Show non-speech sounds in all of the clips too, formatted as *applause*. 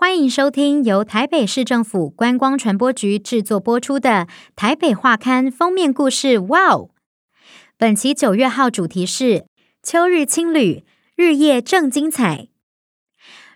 歡迎收聽由台北市政府觀光傳播局制作播出的《台北畫刊》封面故事。哇！本期九月號主題是秋日輕旅，日夜正精彩。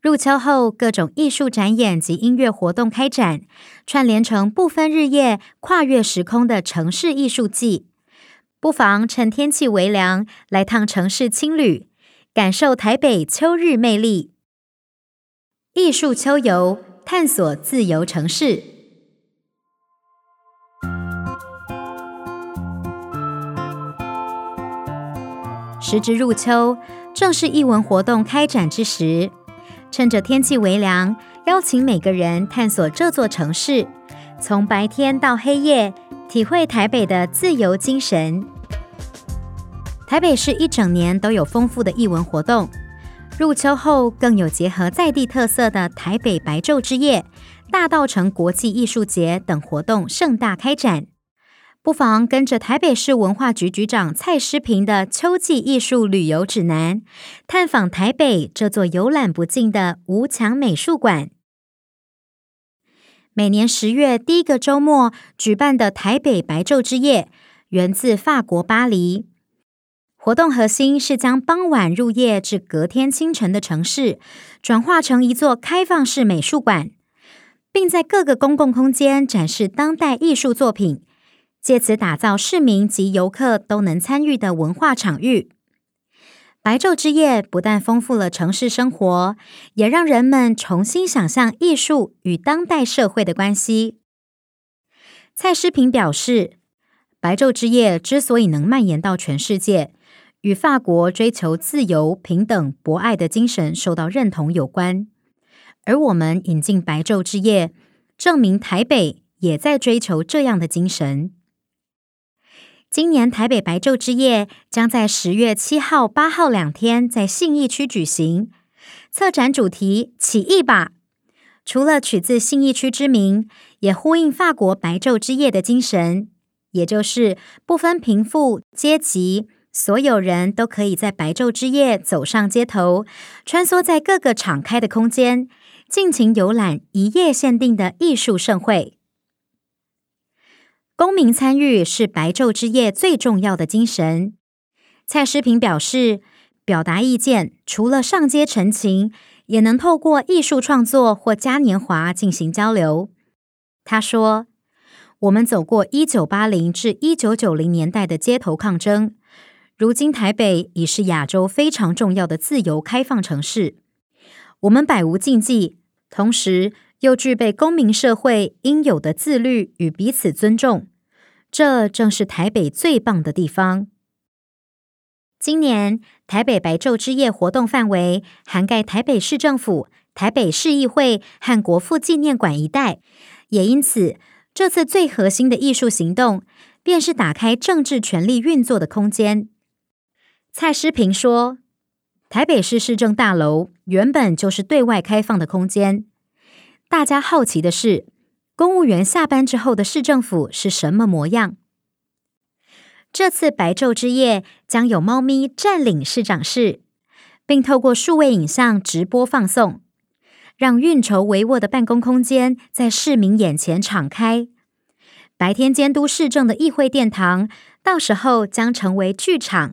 入秋後，各種藝術展演及音樂活動開展，串聯成不分日夜、跨越時空的城市藝術季。不妨趁天氣微涼，來趟城市輕旅，感受台北秋日魅力。藝術秋遊，探索自由城市。時值入秋，正是藝文活動開展之時。趁着天氣微涼，邀請每個人探索這座城市，從白天到黑夜，體會台北的自由精神。台北市一整年都有豐富的藝文活動。入秋後，更有結合在地特色的台北白晝之夜、大稻埕國際藝術節等活動盛大開展。不妨跟着台北市文化局局長蔡詩萍的秋季藝術旅遊指南，探訪台北這座遊覽不盡的無牆美術館。每年十月第一個週末舉辦的台北白晝之夜，源自法國巴黎。活動核心是將傍晚入夜至隔天清晨的城市轉化成一座開放式美術館，並在各個公共空間展示當代藝術作品，借此打造市民及遊客都能參與的文化場域。白晝之夜不但豐富了城市生活，也讓人們重新想象藝術與當代社會的關係。蔡詩萍表示，白晝之夜之所以能蔓延到全世界，與法國追求自由、平等、博愛的精神受到認同有關，而我們引進白晝之夜，證明台北也在追求這樣的精神。今年台北白晝之夜將在十月七號、八號兩天在信義區舉行，策展主題“起義吧”，除了取自信義區之名，也呼應法國白晝之夜的精神，也就是不分貧富階級，所有人都可以在白晝之夜走上街頭，穿梭在各個敞開的空間，盡情遊覽一夜限定的藝術盛會。公民參與是白晝之夜最重要的精神。蔡詩萍表示，表達意見除了上街陳情，也能透過藝術創作或嘉年華進行交流。他說：“我們走過1980至1990年代的街頭抗爭。”如今台北已是亞洲非常重要的自由開放城市，我們百無禁忌，同時又具備公民社會應有的自律與彼此尊重，這正是台北最棒的地方。今年台北白晝之夜活動範圍涵蓋台北市政府、台北市議會和國父紀念館一帶，也因此這次最核心的藝術行動，便是打開政治權力運作的空間。蔡詩平說：“台北市市政大樓原本就是對外開放的空間，大家好奇的是，公務員下班之後的市政府是什麼模樣？這次白晝之夜將有貓咪占領市長室，並透過數位影像直播放送，讓運籌帷幄的辦公空間在市民眼前敞開。白天監督市政的議會殿堂，到時候將成為劇場。”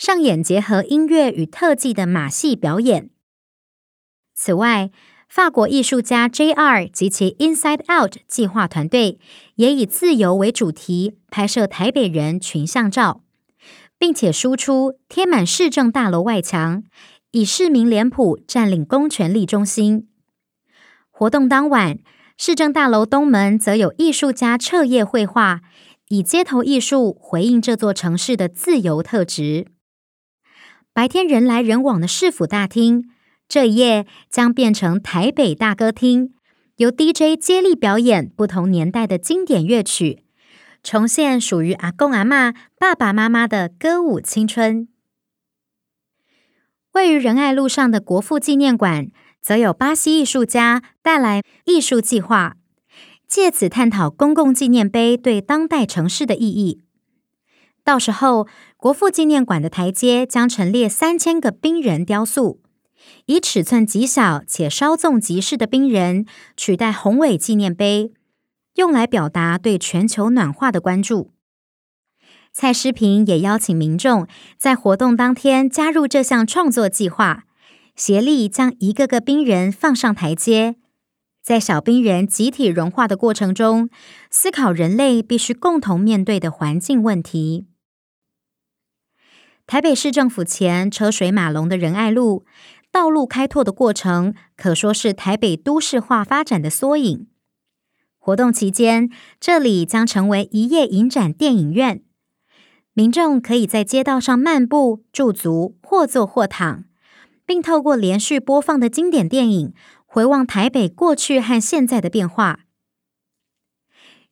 上演結合音樂與特技的馬戲表演。此外，法國藝術家 JR 及其 Inside Out 計劃團隊也以自由為主題拍攝台北人群像照，並且輸出貼滿市政大樓外牆，以市民臉譜占領公權力中心。活動當晚，市政大樓東門則有藝術家徹夜繪畫，以街頭藝術回應這座城市的自由特質。白天人來人往的市府大廳，這一夜將變成台北大歌廳，由 DJ 接力表演不同年代的經典樂曲，重現屬於阿公阿嬤、爸爸媽媽的歌舞青春。位於仁愛路上的國父紀念館，則有巴西藝術家帶來藝術計劃，借此探討公共紀念碑對當代城市的意義。到時候，國父紀念館的台階將陳列三千個冰人雕塑，以尺寸極小且稍縱即逝的冰人取代宏偉紀，紀念碑，用來表達對全球暖化的關注。蔡詩萍也邀請民眾在活動當天加入這項創作計劃，協力將一個個冰人放上台階，在小冰人集體融化的過程中，思考人類必須共同面對的環境問題。台北市政府前車水馬龍的仁愛路，道路開拓的過程可說是台北都市化發展的縮影。活動期間，這裡將成為一夜影展電影院，民眾可以在街道上漫步、駐足、或坐或躺，並透過連續播放的經典電影，回望台北過去和現在的變化。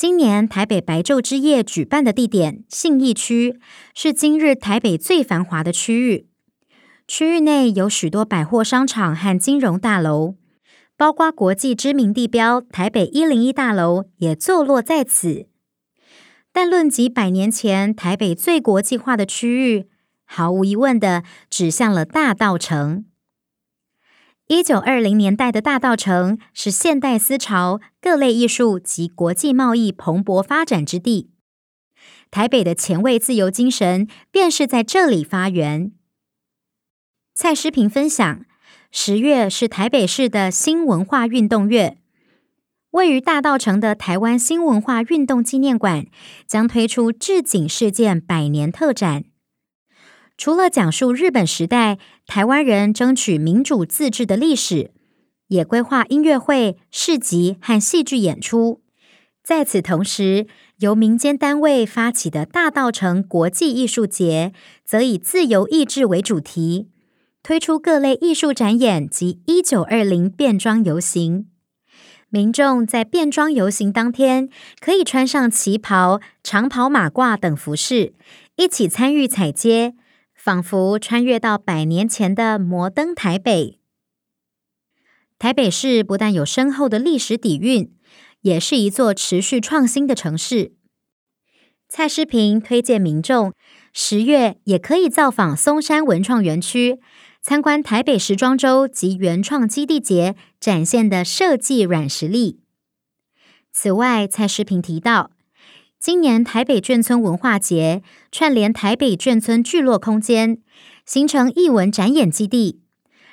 今年台北白晝之夜舉辦的地點信義區，是今日台北最繁華的區域。區域內有許多百貨商場和金融大樓，包括國際知名地標台北一零一大樓也坐落在此。但論及百年前台北最國際化的區域，毫無疑問的指向了大稻埕。一九二零年代的大稻埕是現代思潮、各類藝術及國際貿易蓬勃發展之地。台北的前衛自由精神便是在這裡發源。蔡詩萍分享：十月是台北市的新文化運動月，位於大稻埕的台灣新文化運動紀念館將推出“治警事件百年特展”。除了講述日本時代臺灣人爭取民主自治的歷史，也規劃音樂會、市集和戲劇演出。在此同時，由民間單位發起的大稻埕國際藝術節，則以自由意志為主題，推出各類藝術展演及一九二零變裝遊行。民眾在變裝遊行當天，可以穿上旗袍、長袍、馬褂等服飾，一起參與踩街。仿佛穿越到百年前的摩登台北。台北市不但有深厚的歷史底蘊，也是一座持續創新的城市。蔡詩萍推薦民眾，十月也可以造訪松山文創園區，參觀台北時裝週及原創基地節展現的設計軟實力。此外，蔡詩萍提到。今年台北眷村文化節串聯台北眷村聚落空間，形成藝文展演基地，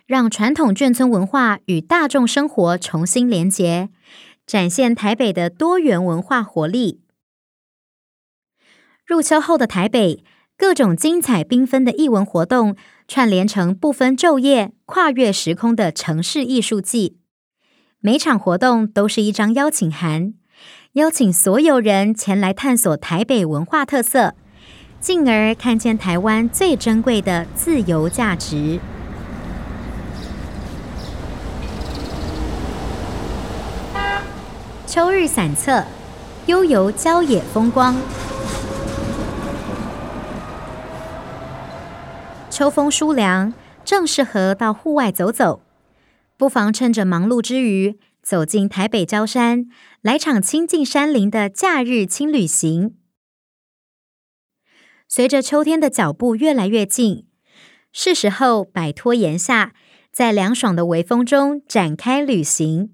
讓傳統眷村文化與大眾生活重新連結，展現台北的多元文化活力。入秋後的台北，各種精彩繽紛的藝文活動串聯成不分晝夜、跨越時空的城市藝術季，每場活動都是一張邀請函。邀請所有人前來探索台北文化特色，進而看見台灣最珍貴的自由價值。秋日散策，悠游郊野風光。秋風舒涼，正適合到戶外走走。不妨趁着忙碌之餘，走進台北郊山，來場親近山林的假日輕旅行。隨着秋天的腳步越來越近，是時候擺脫炎夏，在涼爽的微風中展開旅行。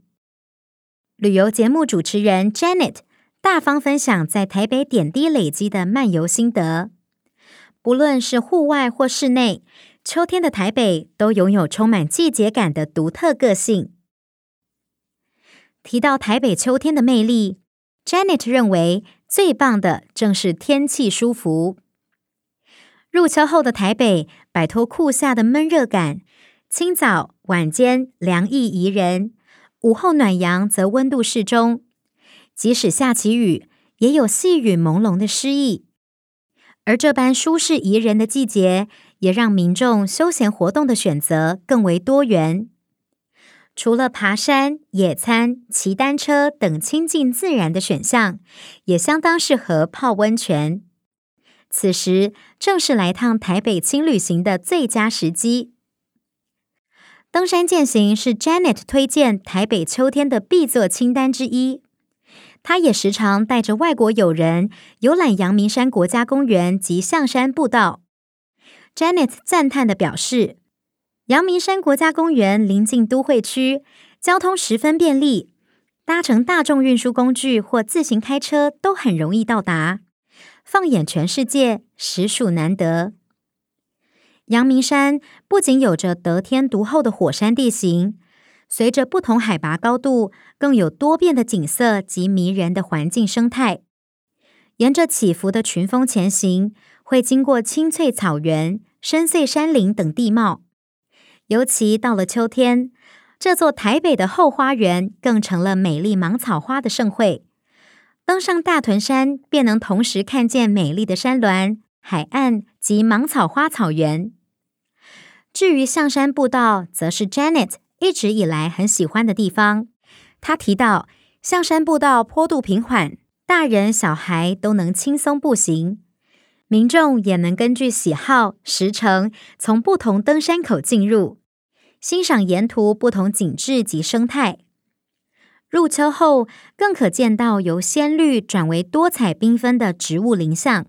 旅遊節目主持人 Janet 大方分享在台北點滴累積的漫遊心得。不論是戶外或室內，秋天的台北都擁有充滿季節感的獨特個性。提到台北秋天的魅力，Janet 認為最棒的正是天氣舒服。入秋後的台北，擺脫酷夏的悶熱感，清早晚間涼意宜人，午後暖陽則溫度適中。即使下起雨，也有細雨朦朧的詩意。而這般舒適宜人的季節，也讓民眾休閒活動的選擇更為多元。除了爬山、野餐、騎單車等親近自然的選項，也相當適合泡溫泉。此時正是來趟台北輕旅行的最佳時機。登山健行是 Janet 推薦台北秋天的必做清單之一。她也時常帶着外國友人遊覽陽明山國家公園及象山步道。Janet 讚嘆地表示。陽明山國家公園臨近都會區，交通十分便利，搭乘大眾運輸工具或自行開車都很容易到達。放眼全世界，實屬難得。陽明山不僅有着得天獨厚的火山地形，隨着不同海拔高度，更有多變的景色及迷人的環境生態。沿着起伏的群峰前行，會經過青翠草原、深邃山林等地貌。尤其到了秋天，這座台北的後花園更成了美麗芒草花的盛會。登上大屯山，便能同時看見美麗的山巒、海岸及芒草花草原。至於象山步道，則是 Janet 一直以來很喜歡的地方。她提到，象山步道坡度平緩，大人小孩都能輕鬆步行，民眾也能根據喜好時程，從不同登山口進入。欣賞沿途不同景緻及生態，入秋後更可見到由鮮綠轉為多彩繽紛的植物林相。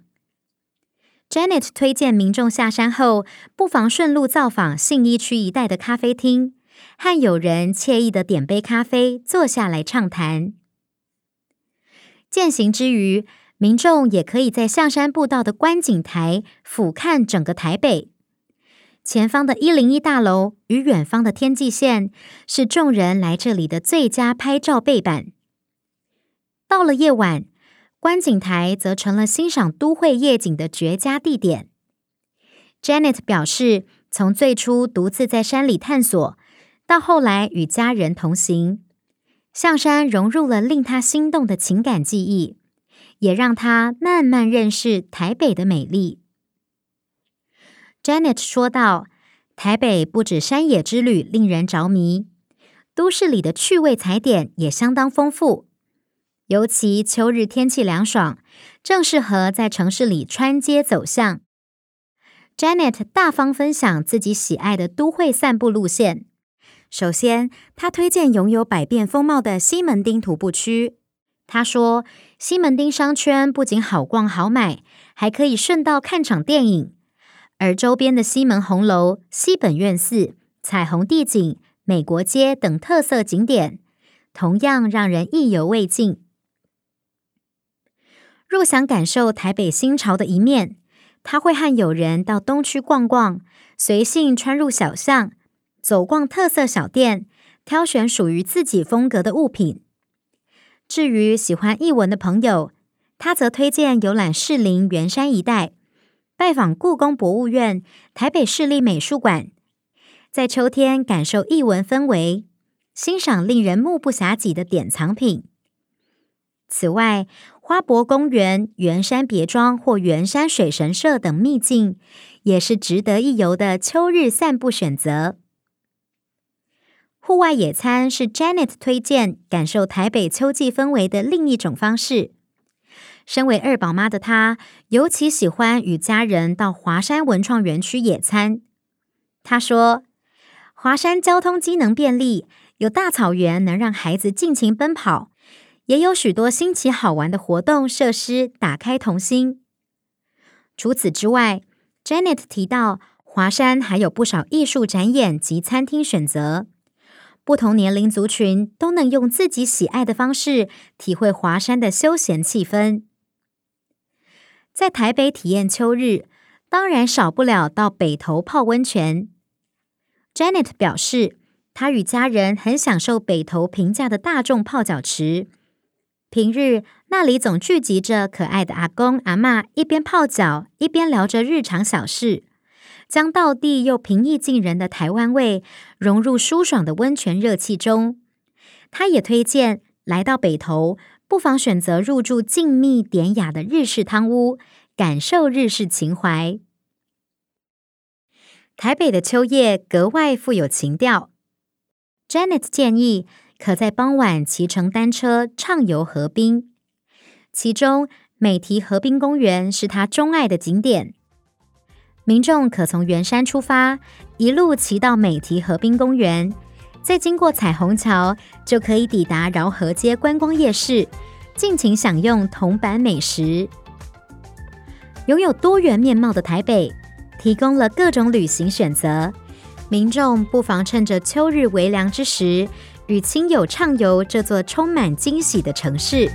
Janet 推薦民眾下山後，不妨順路造訪信義區一帶的咖啡廳，和友人愜意的點杯咖啡，坐下來暢談。健行之餘，民眾也可以在象山步道的觀景台俯瞰整個台北。前方的一零一大樓與遠方的天際線是眾人來這裡的最佳拍照背板。到了夜晚，觀景台則成了欣賞都會夜景的絕佳地點。Janet 表示，從最初獨自在山裡探索，到後來與家人同行，象山融入了令她心動的情感記憶，也讓她慢慢認識台北的美麗。Janet 說道：“台北不止山野之旅令人着迷，都市裡的趣味踩點也相當豐富。尤其秋日天氣涼爽，正適合在城市裡穿街走巷。” Janet 大方分享自己喜愛的都會散步路線。首先，他推薦擁有百變風貌的西門町徒步區。他說：“西門町商圈不僅好逛好買，還可以順道看場電影。”而週邊的西門紅樓、西本願寺、彩虹地景、美國街等特色景點，同樣讓人意猶未盡。若想感受台北新潮的一面，他會和友人到東區逛逛，隨性穿入小巷，走逛特色小店，挑選屬於自己風格的物品。至於喜歡藝文的朋友，他則推薦遊覽士林、圓山一帶。拜訪故宮博物院、台北市立美術館，在秋天感受藝文氛圍，欣賞令人目不暇給的典藏品。此外，花博公園、圓山別莊或圓山水神社等秘境，也是值得一遊的秋日散步選擇。戶外野餐是 Janet 推薦，感受台北秋季氛圍的另一種方式。身為二寶媽的她，尤其喜歡與家人到華山文創園區野餐。她說：“華山交通機能便利，有大草原能讓孩子盡情奔跑，也有許多新奇好玩的活動設施，打開童心。除此之外，Janet 提到華山還有不少藝術展演及餐廳選擇，不同年齡族群都能用自己喜愛的方式，體會華山的休閒氣氛。”在台北體驗秋日，當然少不了到北投泡溫泉。Janet 表示，她與家人很享受北投平價的大眾泡腳池。平日那裡總聚集着可愛的阿公阿嬤，一邊泡腳，一邊聊着日常小事，將道地又平易近人的台灣味融入舒爽的溫泉熱氣中。她也推薦來到北投。不妨選擇入住靜謐典雅的日式湯屋，感受日式情懷。台北的秋夜格外富有情調。 *noise* Janet 建議，可在傍晚騎乘單車暢遊河濱，其中美堤河濱公園是她鍾愛的景點。民眾可從圓山出發，一路騎到美堤河濱公園。再經過彩虹橋，就可以抵達饒河街觀光夜市，盡情享用銅板美食。擁有多元面貌的台北，提供了各種旅行選擇，民眾不妨趁着秋日微涼之時，與親友暢遊這座充滿驚喜的城市。